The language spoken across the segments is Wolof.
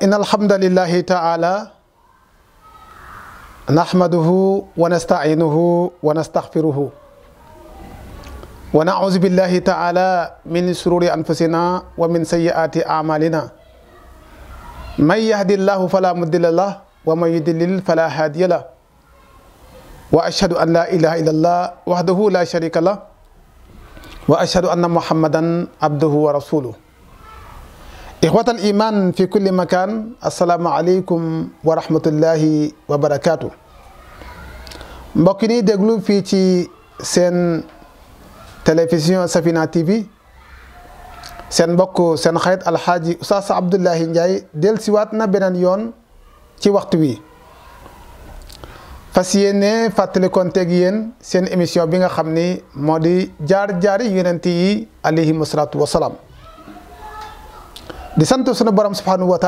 إن الحمد لله تعالى نحمده ونستعينه ونستغفره ونعوذ بالله تعالى من شرور أنفسنا ومن سيئات أعمالنا من يهدي الله فلا مضل له ومن يضلل فلا هادي له وأشهد أن لا إله إلا الله وحده لا شريك له وأشهد أن محمدا عبده ورسوله إخوة الإيمان في كل مكان السلام عليكم ورحمة الله وبركاته مبكني دغلو في تي سن تلفزيون سفينة تي في سن بكو سن خيط الحاجي أساس عبد الله نجاي ديل سواتنا بنان تي وقت وي فسيني فاتلي كونتيجين سن إميسيون بيغا خمني مودي جار جاري يونتي عليه الصلاة والسلام di sant sunu borom subhanahu wa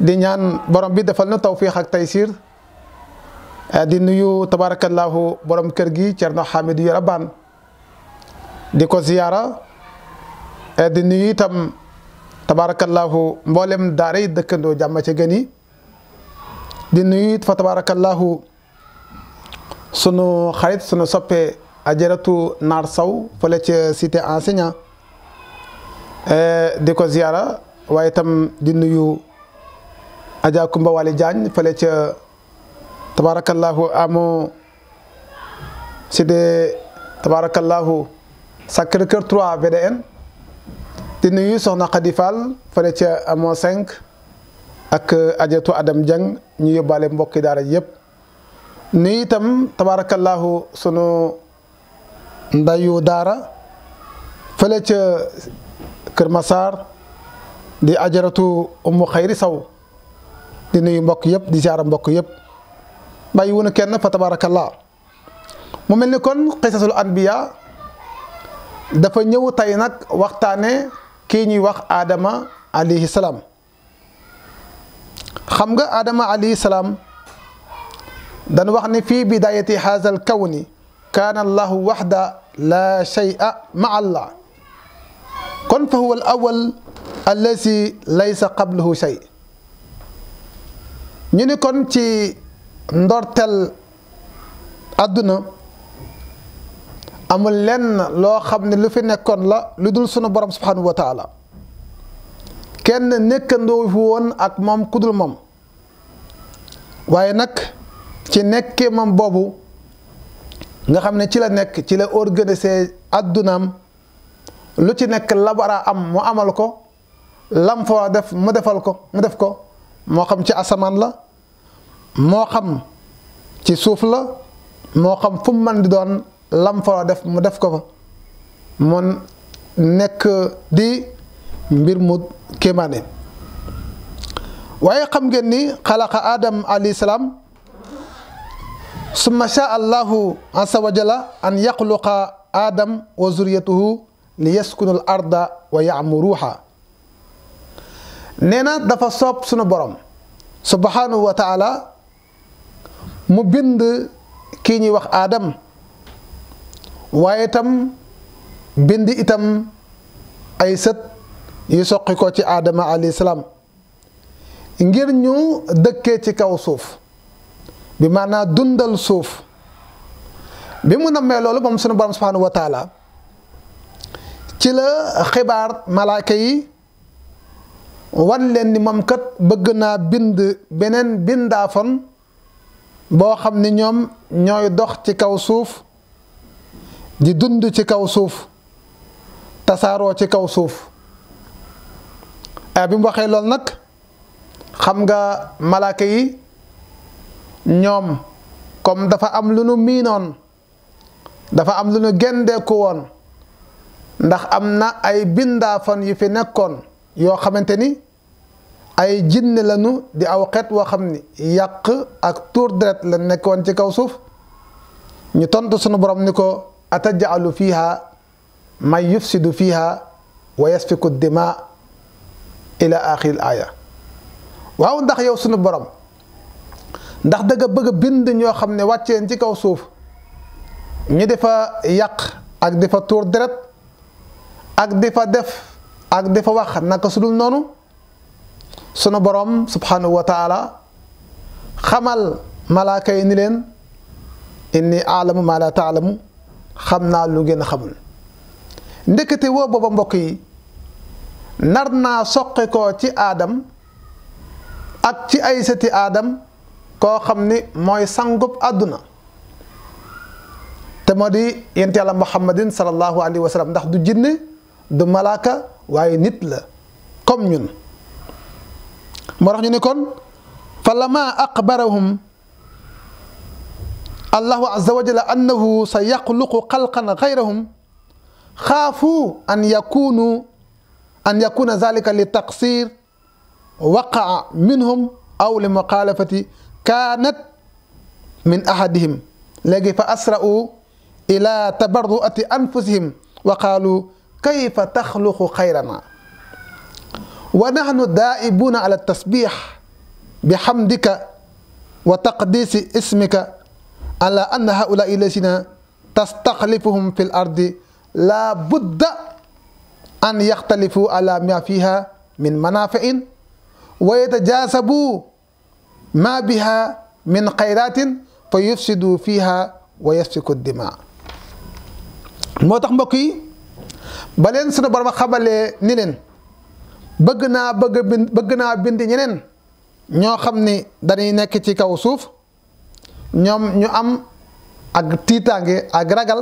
di ñaan borom bi defal na tawfiix ak taysiir eh, di nuyu tabarakallahu borom kër gi Cerno Hamidou Yaraban di ko ziyaara eh, di nuyu itam tabarakallahu mboolem daara yi dëkkandoo jàmm ca gën di nuyu it fa tabarakallahu sunu xarit sunu soppe ajaratu naar saw fële ca cité enseignant Eh, di ko ziyaara waaye tam di nuyu Adja Kumba Wali Diagne fële ca tabarakallahu amoo si de tabarakallahu Sacré-Cœur 3 VDN di nuyu soxna Khady Fall fële amoo cinq ak Adjatu Adam Dieng ñu yóbbaale mbokki daara yëpp nuyu itam tabarakallahu sunu ndayu daara fële Kër Massar di ajaratu Umu Xayri Saw di nuyu mbokk yëpp di ziara mbokk yëpp bàyyi wunu kenn fa tabarakallah mu mel ni kon xisasul anbiya dafa ñëw tey nag waxtaane kii ñuy wax Adama alayhi salaam xam nga Adama alayhi salaam dan wax ni fii bidayati haazal kawni kaana allahu waxda la shay'a ma allah kon fa huwa al awal allazi laysa qablahu shay ñu ni kon ci ndortel àdduna amul lenn loo xam ne lu fi nekkoon la lu dul sunu borom subhanahu wa taala kenn nekkandoo fi woon ak moom kudul moom waaye nag ci nekkee moom boobu nga xam ne ci la nekk ci la organiser àddunaam lu ci nekk la war am mu amal ko lam fa def mu defal ko mu def ko moo xam ci asamaan la moo xam ci suuf la moo xam fu man di doon lam fa def mu def ko fa mu nekk di mbir mu kéemaane waaye xam ngeen ni xalaqa Adam alayhi salaam summa shaa allahu azza wa jalla an Adam wa zuriyatuhu li yaskunu al arda wa yaamuruha nee na dafa soob sunu borom subhanahu wa mu bind kii ñuy wax aadam waaye itam bind itam ay sët yu soqi ko ci aadama alayhi salaam ngir ñu dëkkee ci kaw suuf bi maanaa dundal suuf bi mu nammee loolu moom sunu borom subhanahu wa ci la xibaar malaaka yi wan leen ni moom kat bëgg naa bind beneen bindaafon boo xam ni ñoom ñooy dox ci kaw suuf di dund ci kaw suuf tasaaroo ci kaw suuf bi mu waxee lool nag xam nga malaake yi ñoom comme dafa am lu nu miinoon dafa am lu nu gendeeku woon ndax am na ay bindaafan yu fi nekkoon yoo xamante ni ay jinne lañu di aw xeet woo xam ni yàq ak tuur deret la nekkoon ci kaw suuf ñu tontu sunu borom ni ko atajaalu fiiha man yufsidu fiiha wa yasfiku dima ila axiril aya waaw ndax yow sunu borom ndax dëgg bëgg bind ñoo xam ne wàcceen ci kaw suuf ñu di fa yàq ak di fa tuur deret ak di fa def ak di fa wax naka su dul noonu sunu boroom subhanahu wa xamal malaakay yi ni leen inni aalamu maa laa xam naa lu ngeen xamul ndekete woo booba mbokk yi nar naa soqi ko ci aadam ak ci ay sëti aadam koo xam ni mooy sangub àdduna te moo di yent yàlla muhammadin sallallahu alayhi wa sallam ndax du jinne du malaaka waaye nit la comme ñun moo tax ñu ne kon fa lama aqbarahum allahu azza wa jalla annahu sa yaqluqu xalqan xayrahum xaafuu an yakunu an yakuna zalika li taqsir waqaa minhum aw li muxaalafati kaanat min ahadihim léegi fa asra'u ila tabarruati anfusihim wa qaalu كيف تخلق خيرنا ونحن دائبون على التسبيح بحمدك وتقديس اسمك على أن هؤلاء الذين تستخلفهم في الأرض لا بد أن يختلفوا على ما فيها من منافع ويتجاسبوا ما بها من خيرات فيفسدوا فيها ويسفك الدماء ما tax ba leen sunu borom xabalee ni leen bëgg naa bëgg bind bëgg naa bind ñeneen ñoo xam ni dañuy nekk ci kaw suuf ñoom ñu am ak tiitaange ak ragal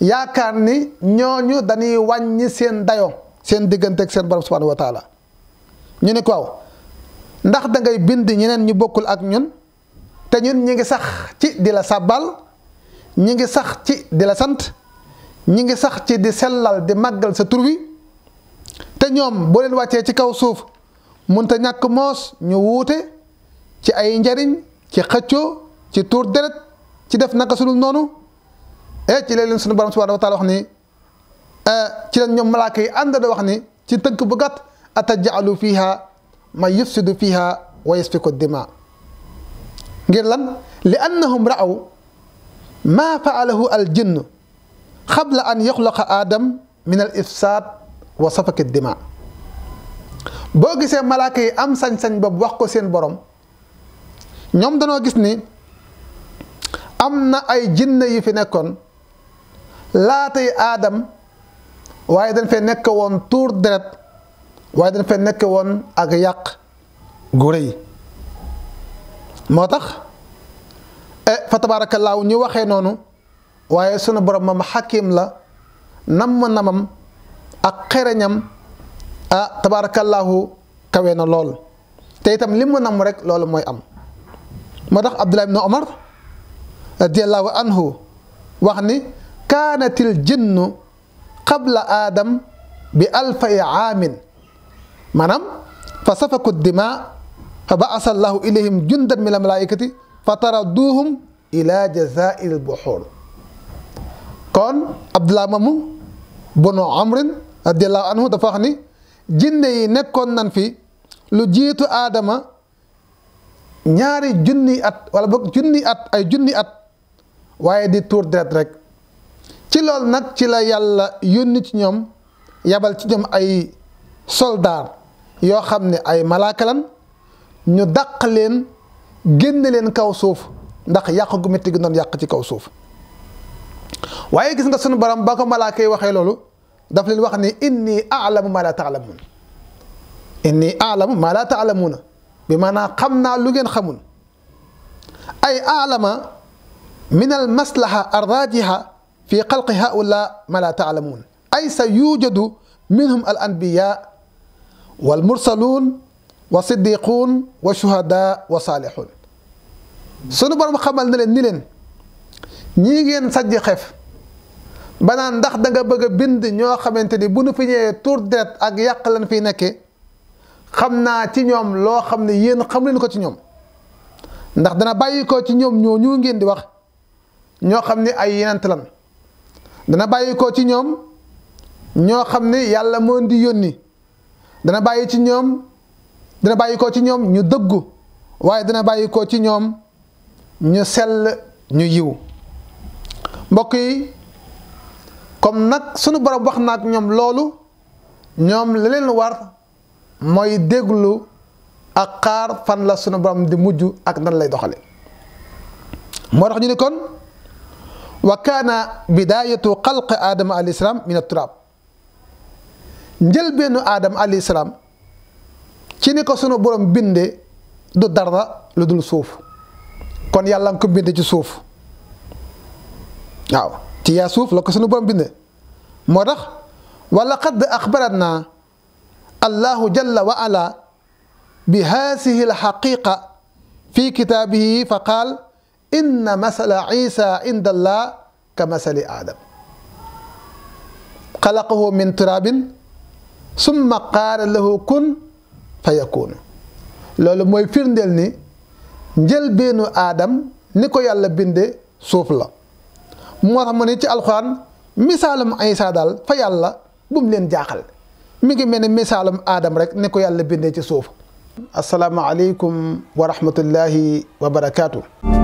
yaakaar ni ñooñu dañuy wàññi seen dayo seen diggante ak seen borom subhanahu wa ñu ni ko ndax da bind ñeneen ñu bokkul ak ñun te ñun ñu ngi sax ci di la sàbbal ñu ngi sax ci di la sant ñi ngi sax ci di sellal di maggal sa turwi te ñoom bo leen wacce ci kaw suuf munta ñàkk moos ñu wuute ci ay njariñ ci xëccoo ci tuur deret ci def naka sulul noonu e ci leen sunu borom subhanahu wa taala wax ni eh, ci leen ñom malaaka yi da wax ni ci teunk bu gat atajalu fiha ma yufsidu fiha wa yasfiku dima ngir lan li annahum ra'u ma fa'alahu al jinnu xabla an yaxlaqa aadam min al ifsaad wa safaki dima boo gisee malaaka yi am sañ-sañ boobu wax ko seen borom ñoom danoo gis ni am na ay jinne yi fi nekkoon laatay aadam waaye dañ fee nekk woon tuur deret waaye dañ fee nekk woon ak yàq gu rëy moo tax eh, fa tabaarakallaahu ñu waxee noonu waaye sunu borom moom xakim la namm namam ak xereñam ah tabaarakallaahu kawe na lool te itam li mu namm rek loolu mooy am moo tax abdullah ibn omar radiallahu anhu wax ni kaanatil jinnu qabla aadam bi alfai aamin maanaam fa safaku dima fa baasa allahu ilayhim jundan min almalaikati fa taraduhum ila jazaa'il albuxur kon abdullah moomu bunu amrin radiallahu anhu dafa wax ni jinne yi nekkoon nan fi lu jiitu aadama ñaari junni at wala boog junni at ay junni at waaye di tuur deret rek ci lool nag ci la yàlla yónni ci ñoom yabal ci ñoom ay soldaar yoo xam ne ay malaaka ñu dàq leen génne leen kaw suuf ndax yàq gu metti gi doon yàq ci kaw suuf waaye gis nga sunu borom ba ko malaaka yi waxee loolu daf leen wax ni inni alamu ma la taalamuun inni alamu ma la taalamuuna bi maanaam xam naa lu ngeen xamul ay alama min al maslaha arrajiha fi xalqi haula ma la taalamuun ay sa yujadu minhum al anbiya wal mursaluun wa siddiquun wa shuhada wa saalixuun sunu borom xamal na leen ni leen ñii ngeen sajj xef ba ndax danga nga bëgg a bind ñoo xamante ni bu nu fi ñëwee tur deret ak yàq lañu fiy nekke xam naa ci ñoom loo xam ne yéen xam leen ko ci ñoom ndax dana bàyyi ci ñoom ñoo ñu ngeen di wax ñoo xam ne ay yenent dana bàyyi ko ci ñoom ñoo xam ne yàlla moo di yónni dana bàyyi ci ñoom dana bàyyi ko ci ñoom ñu dëggu waaye dana bàyyi ko ci ñoom ñu sell ñu yiw mbokk yi comme nag suñu borom wax na ak ñoom loolu ñoom li leen war mooy déglu ak xaar fan la sunu borom di mujj ak nan lay doxale moo tax ñu ni kon wa kaana bidaayatu xalqi aadama alayhi salaam min aturaab benn aadama alayhi salaam ci ni ko sunu borom binde du dara lu dul suuf kon yàlla nga ko binde ci suuf waaw ci yaa suuf la ko sunu borom bindee moo tax wala qad axbaranaa allahu jalla wa ala bi haasihi alxaqiqa fi kitaabihi fa qaal inna masala isa inda allah ka masali aadam xalaqahu min turaabin summa qaala lahu kun fa yakun loolu mooy firndeel ni njëlbeenu aadam ni ko yàlla binde suuf la moo tax ma ne ci alxuraan misaalum Isaa daal fa yàlla bu leen jaaxal mi ngi mel ne misaalum aadam rek ne ko yàlla bindee ci suuf asalaamaaleykum wa rahmatullahi wa barakaatu.